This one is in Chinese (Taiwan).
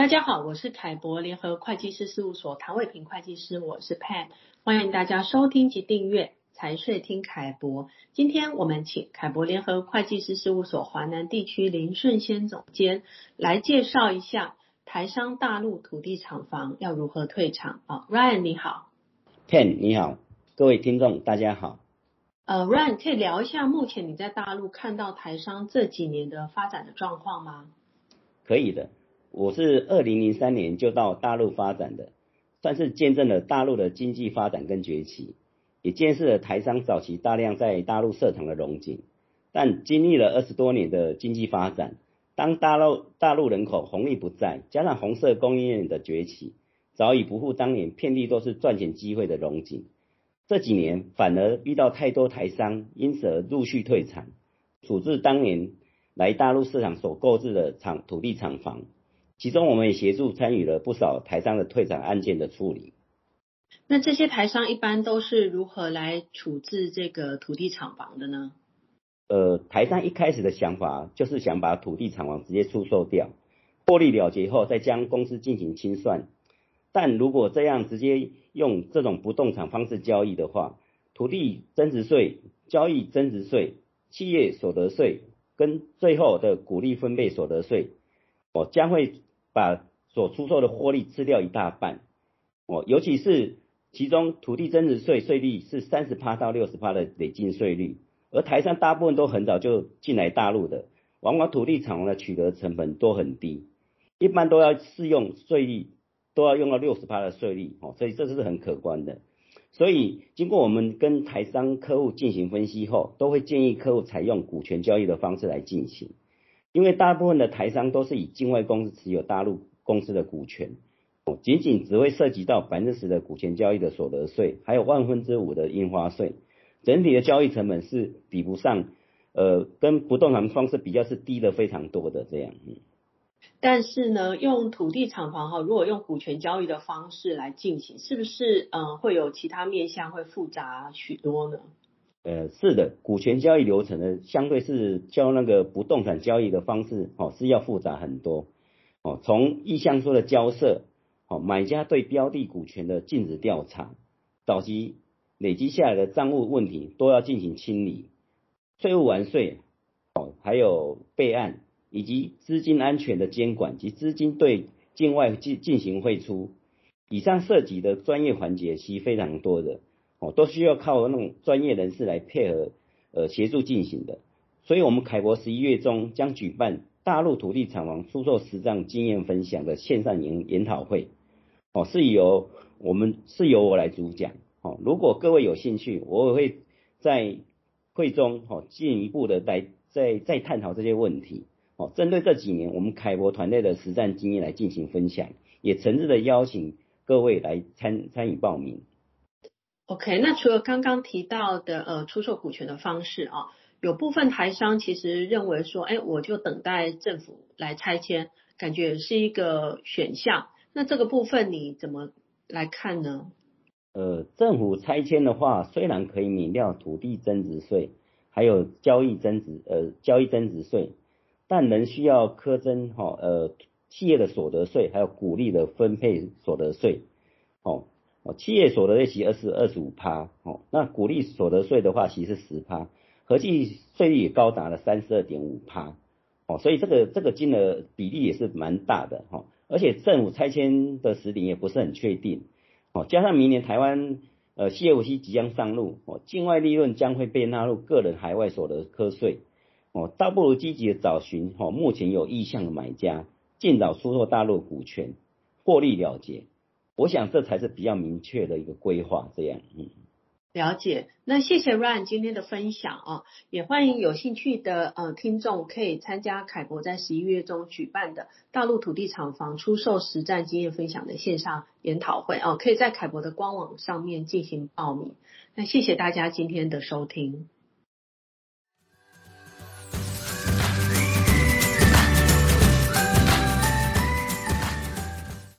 大家好，我是凱博聯合會計師事務所唐偉平會計師，我是 Pan，歡迎大家收聽及訂閱財稅聽凱博。今天我們請凱博聯合會計師事務所華南地區林順先總監來介紹一下台商大陸土地廠房要如何退場啊。Uh, Ryan 你好，Pan 你好，各位聽眾大家好。呃，uh, Ryan 可以聊一下目前你在大陸看到台商這幾年的發展的狀況嗎？可以的。我是二零零三年就到大陸發展的，算是見證了大陸的經濟發展跟崛起，也見識了台商早期大量在大陸設廠的榮景。但經歷了二十多年的經濟發展，當大陸大陸人口紅利不再，加上紅色供應鏈的崛起，早已不復當年遍地都是賺錢機會的榮景。這幾年反而遇到太多台商，因此而陸續退場，處置當年來大陸市場所購置的廠土地廠房。其中我們也協助參與了不少台商的退場案件的處理。那這些台商一般都是如何來處置這個土地廠房的呢？呃，台商一開始的想法就是想把土地廠房直接出售掉，獲利了結後再將公司進行清算。但如果這樣直接用這種不動產方式交易的話，土地增值稅、交易增值稅、企業所得稅跟最後的股利分配所得稅，我、哦、將會。把所出售的獲利吃掉一大半，哦，尤其是其中土地增值稅稅率是三十趴到六十趴的累進稅率，而台商大部分都很早就進來大陸的，往往土地廠房的取得成本都很低，一般都要適用稅率都要用到六十趴的稅率，哦，所以這是很可觀的，所以經過我們跟台商客戶進行分析後，都會建議客戶採用股權交易的方式來進行。因為大部分的台商都是以境外公司持有大陸公司的股權，僅僅只會涉及到百分之十的股權交易的所得稅，還有萬分之五的印花稅，整體的交易成本是比不上，呃，跟不動產方式比較是低了非常多的這樣。但是呢，用土地廠房哈，如果用股權交易的方式來進行，是不是嗯，呃，會有其他面向會複雜許多呢？呃，是的，股權交易流程呢，相對是較那個不動產交易的方式，哦，是要複雜很多。哦，從意向書的交涉，哦，買家對標的股權的盡職調查，早期累積下來的賬務問題都要進行清理，稅務完稅，哦，還有備案，以及資金安全的監管及資金對境外進進行匯出，以上涉及的專業環節其實非常多的。哦，都需要靠那種專業人士來配合，呃，協助進行的。所以，我們凱博十一月中將舉辦大陸土地廠房出售實戰經驗分享的線上研研討會。哦，是由我們是由我來主講。哦，如果各位有興趣，我也會在會中哦進一步的來再再探討這些問題。哦，針對這幾年我們凱博團隊的實戰經驗來進行分享，也誠摯的邀請各位來參參與報名。OK，那除了剛剛提到的呃出售股權的方式啊、哦，有部分台商其實認為說，哎，我就等待政府來拆遷，感覺是一個選項。那這個部分你怎麼來看呢？呃，政府拆遷的話，雖然可以免掉土地增值稅，還有交易增值呃交易增值稅，但仍需要課徵哈呃企業的所得稅，還有股利的分配所得稅，哦。哦，企業所得稅其實二十五趴，哦，那股利所得稅的話，其實是十趴，合計稅率也高達了三十二點五趴，哦，所以這個這個金額比例也是蠻大的，哈，而且政府拆遷的時點也不是很確定，哦，加上明年台灣呃，C F C 即將上路，哦，境外利潤將會被納入個人海外所得課稅，哦，倒不如積極的找尋目前有意向的買家，盡早出售大陸股權，獲利了結。我想這才是比較明確的一個規劃，這樣，嗯，了解。那謝謝 Ryan 今天的分享啊、哦，也歡迎有興趣的呃聽眾可以參加凱博在十一月中舉辦的大陸土地廠房出售實戰經驗分享的線上研討會啊，可以在凱博的官網上面進行報名。那謝謝大家今天的收聽。